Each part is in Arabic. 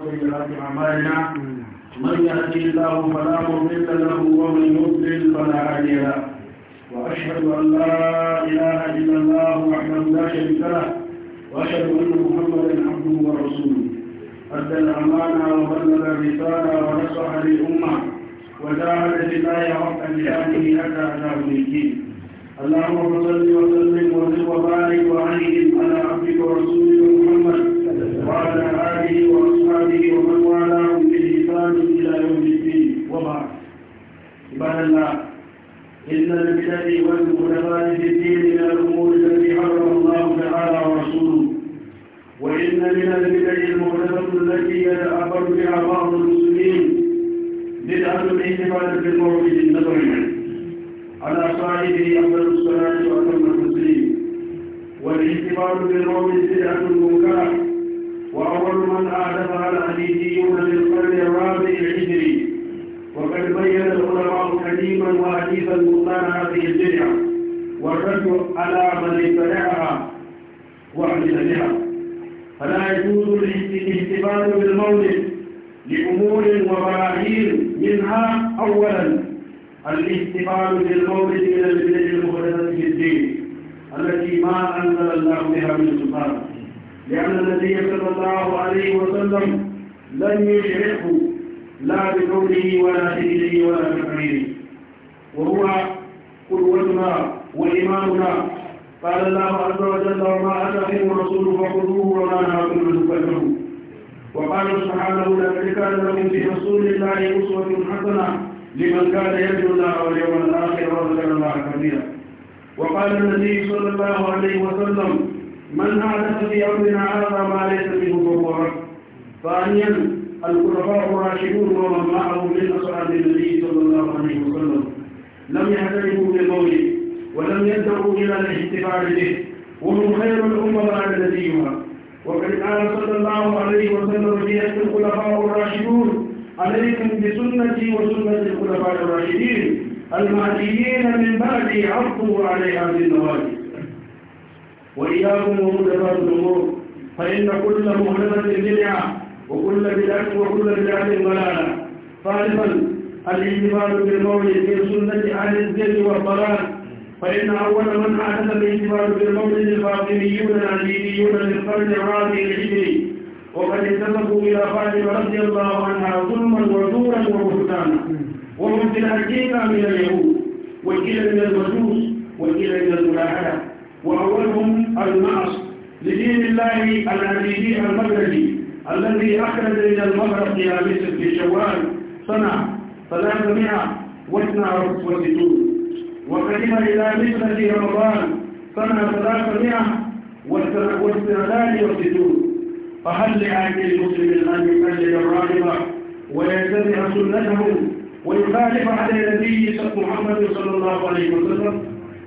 من يهدي الله فلا مضل له ومن يضلل فلا هادي له واشهد ان لا اله الا الله وحده لا شريك له واشهد ان محمدا عبده ورسوله ادى الامانه وبلغ الرساله ونصح للامه وجاهد بالله حق جهاده حتى اتاه اليقين اللهم صل وسلم وزد وبارك وانعم على عبدك ورسولك محمد وعلى اله عباد الله إن البدع والمخلفات في الدين من الأمور التي حرم الله تعالى ورسوله وإن من البدع المخلفة التي يتعبر بها بعض المسلمين بدعة الاحتفال بالمولد النبوي على صاحبه أفضل الصلاة وأتم التسليم والاحتفال بالمولد بدعة منكرة وأول من أعلم على هديه يوم القرن الرابع الهجري وقد بين العلماء كريما وحديثا بطلان هذه البدعة والرد على من ابتدعها وعمل بها فلا يجوز الاحتفال بالمولد لأمور وبراهين منها أولا الاحتفال بالمولد من البدع المحدثة في الدين التي ما أنزل الله بها من سلطان لأن النبي صلى الله عليه وسلم لم يشركه لا بقوله ولا فعله ولا تقريره وهو قدوتنا وإمامنا قال الله عز وجل وما به الرسول فخذوه وما نهاكم عنه فانتهوا وقال سبحانه لقد كان لكم في رسول الله أسوة حسنة لمن كان يرجو الله واليوم الآخر وذكر الله كثيرا وقال النبي صلى الله عليه وسلم من أحدث في أمرنا هذا ما ليس منه فهو رد ثانيا الخلفاء الراشدون ومن معهم من أصحاب النبي صلى الله عليه وسلم لم يعترفوا بقوله ولم يدعوا إلى الاحتفال به وهم خير الأمة بعد نبيها وقد قال صلى الله عليه وسلم في أهل الخلفاء الراشدون عليكم بسنتي وسنة الخلفاء الراشدين المهديين من بعدي عرضوا عليها بالنواجذ وإياكم ومدبات الأمور فإن كل مهلبة بدعة وكل بدعة وكل بدعة ضلالة طالبا الاعتبار بالمولد في سنة أهل الزر والضلال فإن أول من حدث الاعتبار بالمولد الفاطميون العليليون للقرن الرابع الهجري وقد انتسبوا إلى فاطمة رضي الله عنها ظلما وزورا وبهتانا وهم في الحقيقة من اليهود وكيل من المجوس وكيل من الملاحدة وأولهم المعص لدين الله العزيزي المغربي الذي أخرج إلى المغرب يا مصر في شوال صنع مئة واثنى وستون وقدم إلى مصر في رمضان سنة ثلاثمائة واثنتان وستون فهل لأهل المسلم أن يقلد الراغبة ويتبع سنته ويخالف على نبي محمد صلى الله عليه وسلم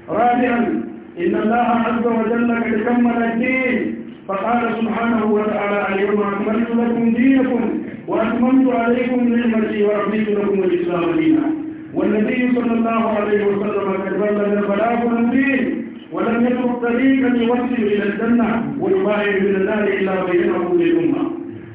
رابعا إن الله عز وجل قد كمل الدين فقال سبحانه وتعالى اليوم أكملت لكم دينكم وأكملت عليكم نعمتي ورضيت لكم الإسلام دينا والنبي صلى الله عليه وسلم قد بلغ البلاغ من دين ولم يترك طريقا يوصل إلى الجنة ويباعد من النار إلا بينه للأمة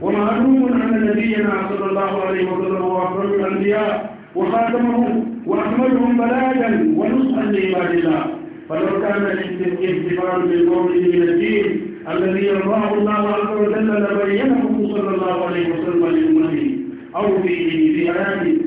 ومعلوم أن نبينا صلى الله عليه وسلم هو أفضل الأنبياء وخاتمهم وأكملهم بلاغا ونصحا لعباد الله فلو كان الانتفاع بالقول من الدين الذي يرضاه الله عز وجل لبينه صلى الله عليه وسلم لأمته أو في في آياته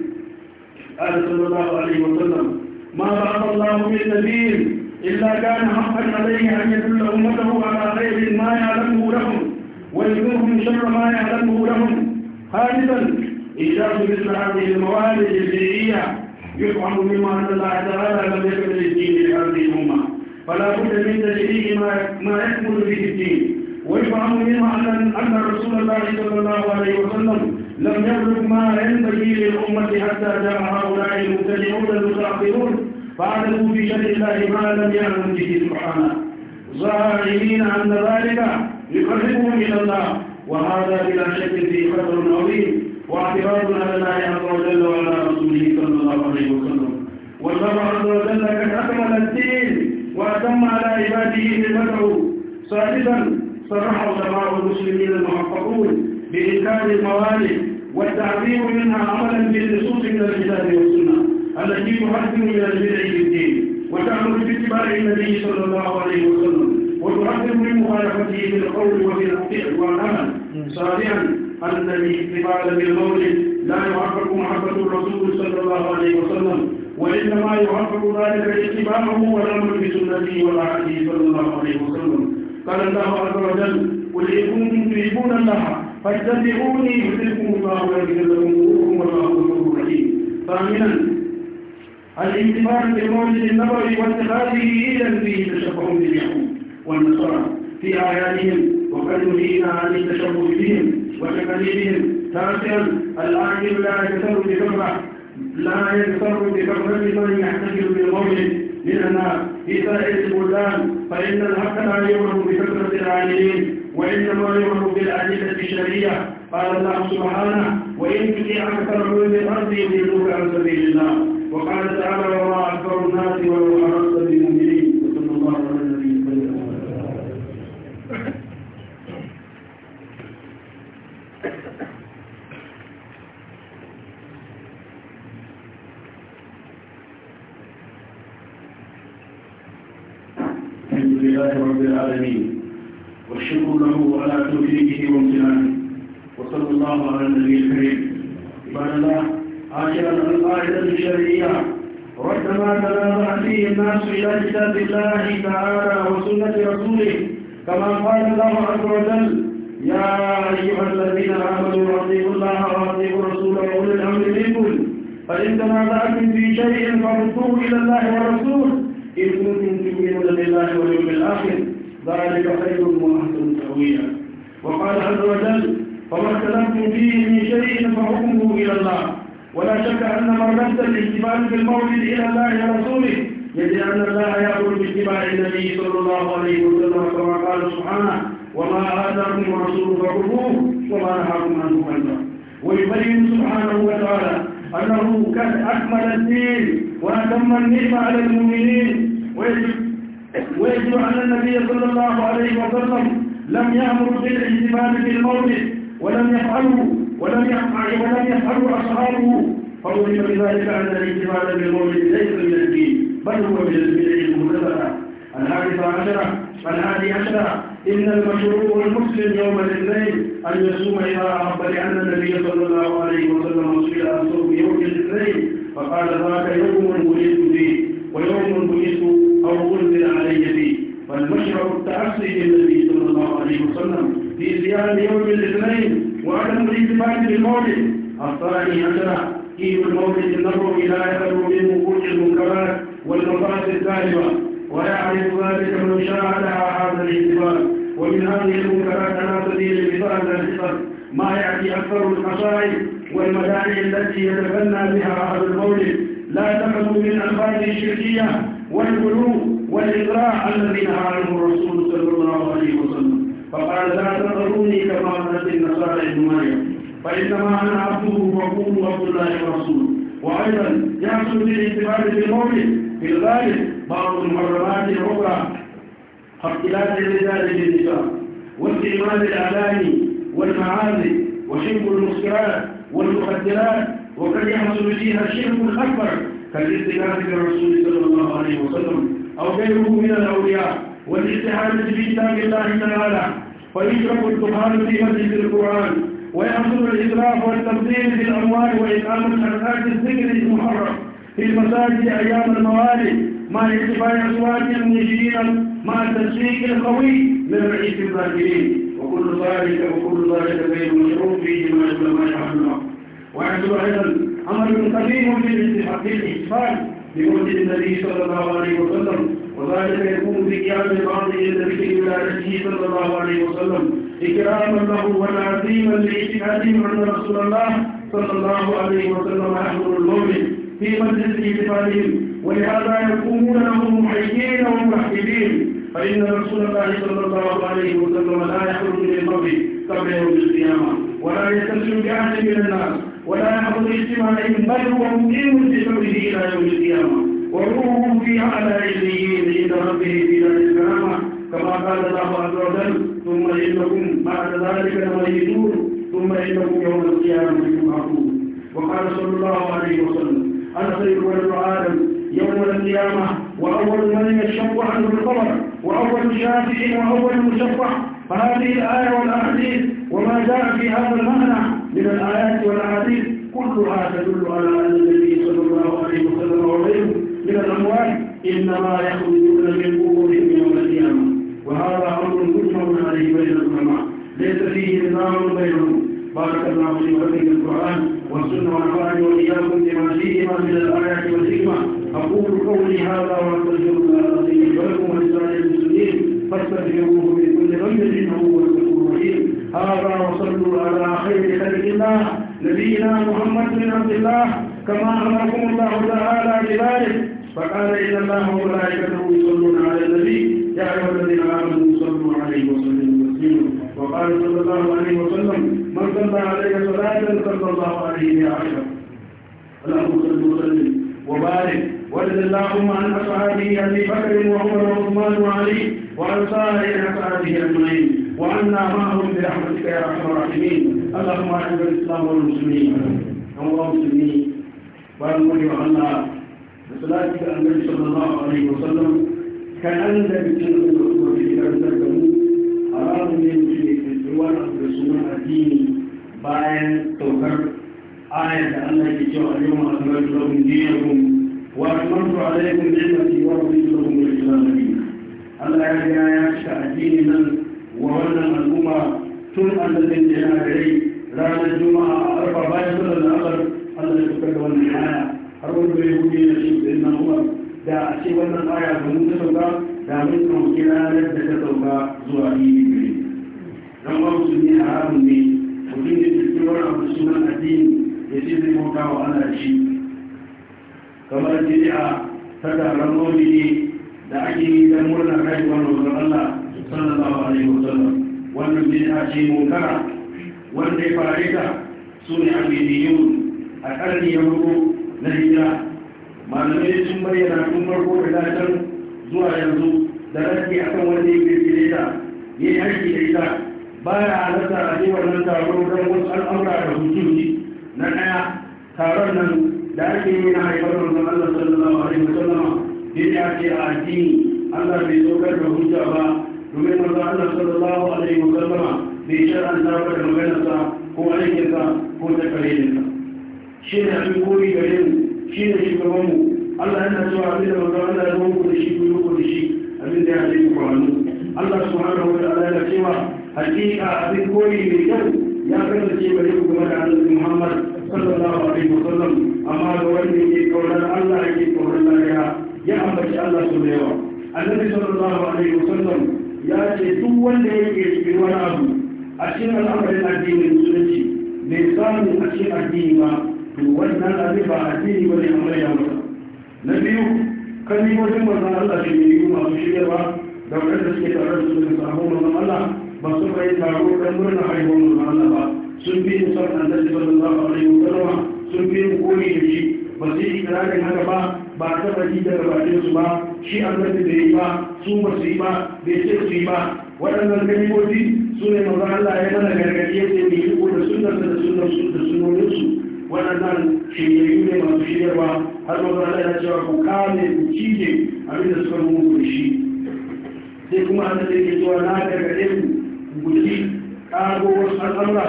قال صلى الله عليه وسلم ما بعث الله من نبي إلا كان حقا عليه أن يدل أمته على خير ما يعلمه لهم ويذكرهم شر ما يعلمه لهم خالدا إيجاد مثل هذه الموارد البيئية يفهم مما أن الله تعالى لم يكن للدين لهذه الأمة فلا بد من تشريع ما ما يكمل به الدين ويفهم منها أن أن رسول الله صلى الله عليه وسلم لم يبلغ ما ينبغي للأمة حتى جاء هؤلاء المبتدعون المتأخرون فعلموا في شر الله ما لم يعلم به سبحانه ظاهرين أن ذلك يقربهم إلى الله وهذا بلا شك فيه خطر عظيم واعتراض على الله عز وجل وعلى رسوله صلى الله عليه وسلم ذمته ثالثا صرح علماء المسلمين المحققون بإنكار الموالد والتعبير منها عملا بالنصوص من الكتاب والسنة التي تحذر من البدع في الدين وتأمر باتباع النبي صلى الله عليه وسلم وتحذر من مخالفته في القول وفي وبالفعل والعمل سابعا أن الاتباع بالقول لا يحقق محبة الرسول صلى الله عليه وسلم وإنما يعبر ذلك اتباعه والأمر بسنته وطاعته صلى الله عليه وسلم قال الله عز وجل قل إن كنتم تحبون الله فاتبعوني يحبكم الله ويغفر لكم ذنوبكم والله غفور رحيم ثامنا الامتثال بالمولد النبوي واتخاذه اذا فيه تشبه باليهود والنصارى في اعيادهم وقد نهينا عن التشبه بهم وتقاليدهم ثالثا العاقل لا يكثر بكثره لا يغتر بكثرة من يحتفل من لأن في سائر البلدان فإن الحق لا يؤمن بكثرة العاملين وإنما يؤمن بالأدلة الشرعية قال الله سبحانه وإن تطيع أكثر من الأرض يضلوك عن سبيل الله وقال تعالى وما أكثر الناس ولو كتاب الله تعالى وسنة رسوله كما قال الله عز وجل يا أيها الذين آمنوا أطيعوا الله وأطيعوا الرسول وأولي الأمر منكم فإن تنازعتم في شيء فردوه إلى الله والرسول إن كنتم تؤمنون بالله واليوم الآخر ذلك خير وأحسن تأويلا وقال عز وجل وما اختلفتم فيه من شيء فحكمه إلى الله ولا شك أن من الاهتمام الاجتماع بالمولد إلى الله ورسوله يجد أن الله يأمر باتباع النبي صلى الله عليه وسلم كما قال سبحانه وما آتاكم الرسول فخذوه وما نهاكم عنه فانتهوا ويبين سبحانه وتعالى أنه قد أكمل الدين وأتم النعمة على المؤمنين ويجب أن النبي صلى الله عليه وسلم لم يأمر بالاهتمام بالمولد ولم يفعله ولم يفعله ولم يفعله أصحابه فوجب بذلك أن الاهتمام بالمولد ليس من الدين بل هو من البدع المبتدعة الحادثة عشرة الحادي عشرة إن المشروع المسلم يوم الاثنين أن يصوم إلى عرفة لأن النبي صلى الله عليه وسلم سئل عن صوم يوم الاثنين فقال ذاك يوم وجدت فيه ويوم وجدت أو أنزل علي فيه فالمشروع التأسي للنبي صلى الله عليه وسلم في صيام يوم الاثنين وعدم الالتفات بالمولد الثاني عشرة كيف المولد النبوي لا يخلو من وقوع المنكرات والمقاصد الثالثة ويعرف ذلك من شاء على هذا الاعتبار ومن هذه المنكرات على سبيل المثال الحصر ما يأتي أكثر المصائب والمدائع التي يتبنى بها أهل المولد لا تخلو من ألفاظ الشركية والغلو والإغراء الذي نهى عنه الرسول صلى الله عليه وسلم فقال لا تقروني كما قالت النصارى ابن مريم فإنما أنا عبده وقوم عبد الله ورسوله وأيضا يحصل بالاعتبار بالمولد في الغالب بعض المحرمات الأخرى كاختلاف الرجال بالنساء واستعمال الأغاني والمعازف وشرب المسكرات والمخدرات وقد يحصل فيها شرك أكبر كالاستغاثة بالرسول صلى الله عليه وسلم أو غيره من الأولياء والاستعانة بكتاب الله تعالى فيشرب الدخان في مسجد القرآن ويحصل الإسراف والتبذير في الأموال وإقامة حركات الذكر المحرم في المساجد أيام الموالد مع ارتفاع أصوات المنشدين مع التشريك القوي من رئيس الظاهرين وكل ذلك وكل ذلك بين مشروع في جماعة العلماء رحمه ويحصل أيضا أمر قديم في الاحتفال بموت النبي صلى الله عليه وسلم وذلك يكون قيام بعض النبي إلى نفسه صلى الله عليه وسلم إكراما له وتعظيما لإجتهاده أن رسول الله صلى الله عليه وسلم أحمد المؤمن في مجلس اعتقادهم ولهذا يقومون لهم محيين ومرحبين فإن رسول الله صلى الله عليه وسلم لا يخرج من القبر قبل يوم القيامة ولا يستسلم بأحد من الناس ولا يحفظ اجتماعهم بل هو مقيم في قبره إلى يوم القيامة وروحه في أعلى عليين عند ربه في دار السلامة كما قال الله عز وجل ثم إنكم بعد ذلك لميتون ثم إنكم يوم القيامة تبعثون وقال صلى الله عليه وسلم الخير ولد آدم يوم القيامة وأول من يشفع عنه القمر وأول شافع وأول مشفع فهذه الآية والأحاديث وما جاء في هذا المعنى من الآيات والأحاديث كلها تدل على أن محمد بن عبد الله كما أمركم الله تعالى بذلك فقال إن الله وملائكته يصلون على النبي يا أيها الذين آمنوا صلوا عليه وسلموا تسليما وقال صلى الله عليه وسلم من صلى عليك صلاة صلى الله عليه يا عشر اللهم صل وسلم وبارك وارض اللهم عن أصحابه أبي بكر وعمر وعثمان وعلي وعن صالح أصحابه أجمعين وعنا معهم برحمتك يا ارحم الراحمين اللهم اعز الاسلام والمسلمين اللهم مسلمين والمولي وعنا بصلاتك النبي صلى الله عليه وسلم كان عند بكل من في كتاب الترجمة، اراد من المشرك الزوار برسوم الدين باين توكر آية الله يجوا اليوم أخرجت لكم دينكم وأكملت عليكم نعمتي ورضيت لكم الإسلام دينا الله يا يا شهدين من wa wannan al'umma tun annabin da yana gare ranar juma'a a arfa bayan sallar da asar allah ya fitar da wannan aya har wanda ya hudu na shi da yana umar da a ce wannan aya ga mun ta sauka da mun ɗauki ranar da ta sauka zuwa biyu idi gare dan wa a haramun ne mutum da ke wani abu sunan addini ya ce zai bauta wa Allah shi kamar jiri'a ta taron ne da ake yi don murnar haihuwar wanzan allah sallallahu alaihi wasallam wannan bid'a ce munkara wanda ya fare ta sune abidiyun a ƙarni ya hudu na hijira malamai sun bayyana tun farko da dacen zuwa yanzu da rafi akan wanda ya kirkire ta ya yi aiki da ita ba ya halatta a ce nan taro don wasu al'amura da hukunci na ɗaya taron nan da ake yi na haifar da Allah sallallahu alaihi wasallam bid'a ce a addini Allah bai saukar da hujja Allah sallallahu alaihi wa sallama bai shar'anta da maganarsa ko aikinsa ko takarinsa shi ne abin koyi gare mu shi ne shugabanmu Allah yana cewa abin da manzo Allah ya zo ku da shi ko yi da shi abin da ya ce ku kwanu Allah subhanahu wa ta'ala ya cewa hakika abin koyi mai kyau ya kasance bari ku game da Annabi Muhammad sallallahu alaihi wa sallam amma ga wanda yake kaunar Allah yake kaunar lahira ya ambaci Allah su da yawa Annabi sallallahu alaihi wa sallam ya ce duk wanda ya ke wani abu a cikin al'amarin addinin musulunci bai samu a cikin addini ba to wannan abin ba addini ba ne amma ya masa na biyu wajen manzan Allah shi ne yi masu ba da wadanda suke tare da su samu manzan Allah ba su bai taro kan murna haihuwar manzan Allah ba sun bi mu san annabi sallallahu alaihi wa sallam sun bi mu koyi da shi ba su yi ikirarin haka ba ba ta ji daga bakin su ba shi annabi da yi ba su ba su yi ba bai ce su yi ba waɗannan kalmomi su ne manzon Allah ya mana gargaɗi ya ce mu yi ko da sunnar da sunan su da sunnonin su waɗannan shiryayyu ne masu shiryarwa har manzon Allah ya cewa ku kame ku cije abin da suka ku shi sai kuma an da ke zuwa na gargaɗe ku ku guji ƙago wasu al'amura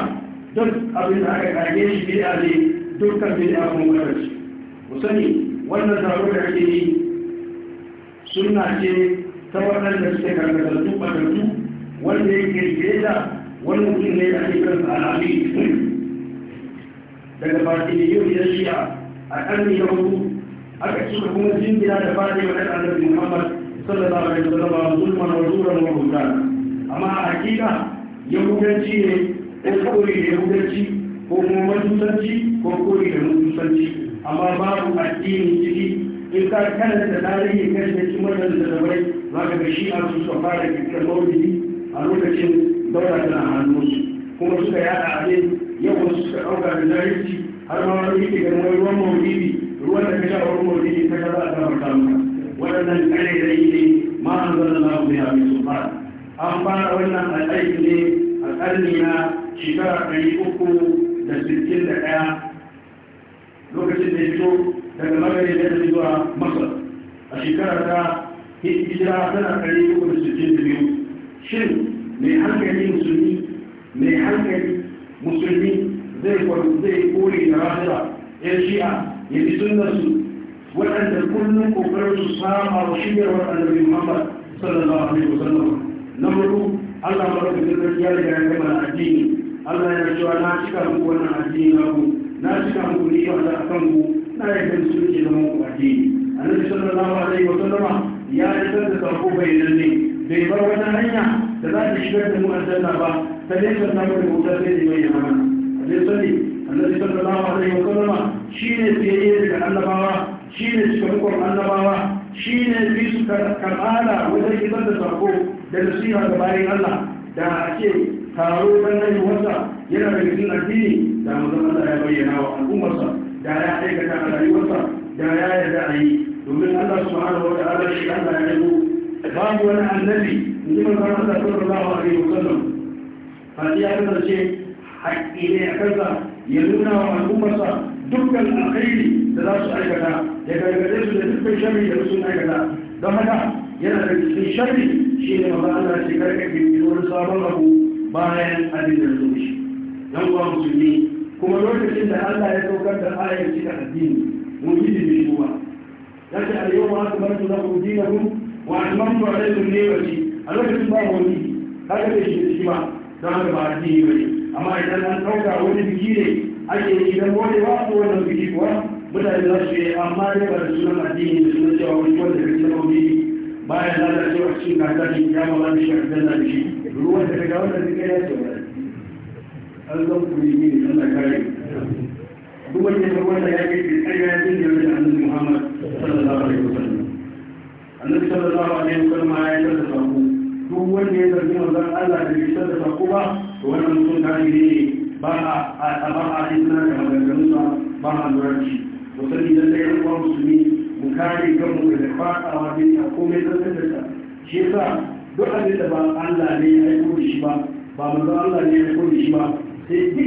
duk abin da aka kage shi a ne dukkan bid'a kuma kadarci mu sani wannan zaɓar da ake yi suna ce ta waɗanda suke da ɓatattu wanda ya kirkire da wannan mutum ne da ake kansa al'ami daga yau ya shiya a ƙarni na hudu aka cika kuma jingina da fatima da annabi muhammad sallallahu alaihi wasallam zulman wa zuran wa hudan amma a hakika yahudanci ne ko kori da yahudanci ko kuma matusanci ko kori da matusanci amma babu addini ciki in ka karanta tarihi kan da kimar da zabai zaka da shi a su suka fara fitar maulidi a lokacin daura hannu su kuma suka yada ne yau wasu suka ɗauka da jahilci har ma wani yake ganin wani ruwan maulidi ruwan da ka sha wani maulidi ta kaza a kamar kamar waɗannan yi ne ma an zanna na abu ya mai su an fara wannan al'aiki ne a ƙarni na shekara ɗari uku da sittin da ɗaya lokacin da ya fito daga magani da zuwa masar a shekara ta hijira tana kare ko da sittin da biyu shin mai hankali musulmi mai hankali musulmi zai kwaru zai kore da rafira yan shi'a ya fi bi sunnarsu waɗanda kullum kokarin su sama wa shigar waɗanda bin muhammad sallallahu alaihi wasallam na hudu allah ma madaukakin sarki ya riga ya gama addini allah ya cewa na cika muku wannan addini na ku na cika muku ni ba a kan ku na yi kan su ke zama ku addini annabi sallallahu alaihi wasallam ya isar da sako ne bai bar wata hanya da za ta shigar da mu aljanna ba ta nesa samu da wuta sai da mai yamana a dai sani annabi sallallahu alaihi wa sallama shine tsayayye daga annabawa shine cikakkon annabawa shine bi su wajen isar da sarko da nasiha ga bayan Allah da ake taro dan nan wasa yana da cikin addini da manzon Allah ya bayyana wa al'ummarsa da ya aikata a rayuwarsa da ya yarda a yi domin Allah subhanahu wa ta'ala shi Allah ya yi babu wani annabi in ji manzon da sallallahu alaihi wa sallam fati ya kasance haƙƙi ne a kansa ya nuna wa al'ummarsa dukkan alkhairi da za su aikata ya gargaɗe su da dukkan sharri da sun aikata don haka yana da cikin sharri shi ne manzon Allah ce karkace wani sabon abu bayan abin da zuwa shi dan uwa musulmi kuma lokacin da Allah ya saukar da ayar cika addini mwingine ni kubwa. Yaje aliomba watu bali tuna kujina tu wa imani wa leo ni wapi? an tuna mwingi. Hata ni heshima sana kwa baadhi hiyo. Ama ndio anatoka wote vigire. Aje ile mmoja wapo wana vigikwa. Bila ila shi amani kwa sura madini sio cha wengine kwa sababu mimi baya ndio sio chini na ndani ya mambo ya kwenda nchi. Ruhusa tegaona zikaya tu. Alikuwa kuingia ndani ya kale. duk wanda ya wanda ya kai bai kai ya jin da annabi Muhammad sallallahu alaihi wasallam annabi sallallahu alaihi wasallam ya yi da sako duk wanda ya zargi manzon Allah da bai da sako ba to wannan mutum kafiri ne ba a ba a yi suna da maganganunsa ba a lura da shi to sani dan da yan uwan musulmi mu kare kanmu daga fadawa da ya komai ta. shi yasa duk abin da ba Allah ne ya aiko da shi ba ba manzon Allah ne ya aiko da shi ba sai duk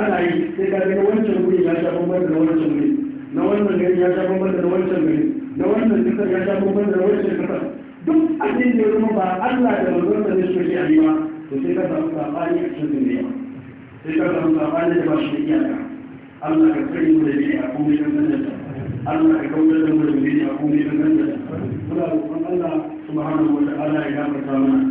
ana yi sai ka ga wancan guri ya sha bambanta da wancan guri na wannan gari ya sha bambanta da wancan gari na wannan kasar ya sha bambanta da wancan kasar duk abin da ya zama ba Allah da manzon da shi ke yi ba to sai ka samu sabani a cikin duniya sai ka samu sabani da ba shi iyaka Allah ka kare mu da ne a komai kan sanin Allah ka kauce da mu da ne a komai kan sanin muna roƙon Allah subhanahu wa ta'ala ya gafarta mana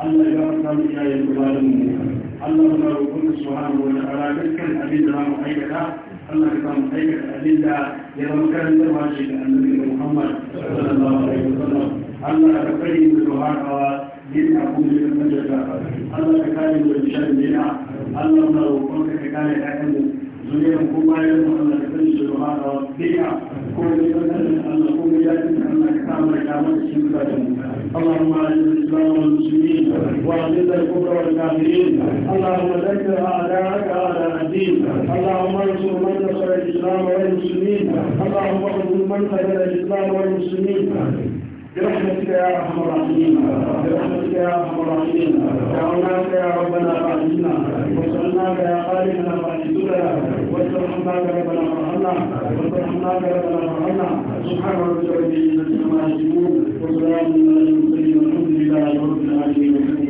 Allah ya gafarta mu iyayen mu Allah muna roƙon su subhanahu wa ta'ala dukkan abin da zamu aikata Allah ya samu aikata abin da ya zama karantarwa ce da annabi Muhammad sallallahu alaihi wasallam Allah ka kare mu da harawa din a kuma da majalla Allah ka kare mu da shan dina Allah muna roƙon ka ka kare ƴaƴan mu zuriyar ko bayan mu Allah ka kare su da harawa dina ko da Allah ko da Allah ka samu da kamar cikin mutanen Allahumma ajil Islam وعزيز الكفر والكافرين اللهم ذكر اعداءك على الدين اللهم انصر من نصر الاسلام والمسلمين اللهم اغفر من الاسلام والمسلمين برحمتك يا ارحم الراحمين برحمتك يا ارحم الراحمين دعوناك يا ربنا فاعجلنا وصلناك يا خالقنا فاعجلنا واسترحمناك ربنا فرحمنا واسترحمناك ربنا فرحمنا سبحان ربك رب العزه عما يصفون وسلام على المرسلين والحمد لله رب العالمين